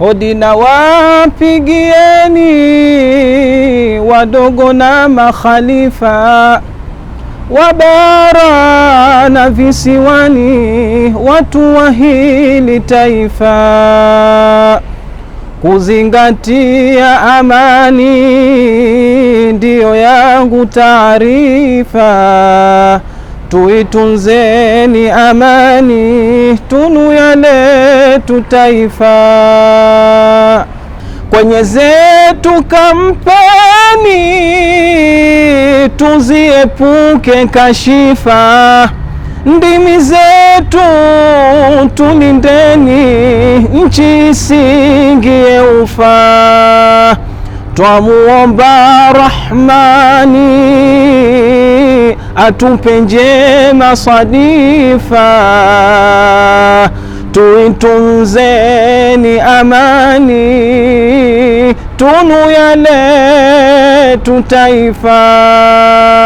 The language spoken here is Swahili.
hodi na wapigieni wadogo na makhalifa wabara na visiwani watu wa hili taifa kuzingatia amani ndiyo yangu taarifa tuitunzeni amani tunuya letu taifa, kwenye zetu kampeni tuziepuke kashifa, ndimi zetu tulindeni, nchi isingie ufa, twamuomba Rahmani atupe njema sadifa, tuitunzeni amani, tunu ya taifa.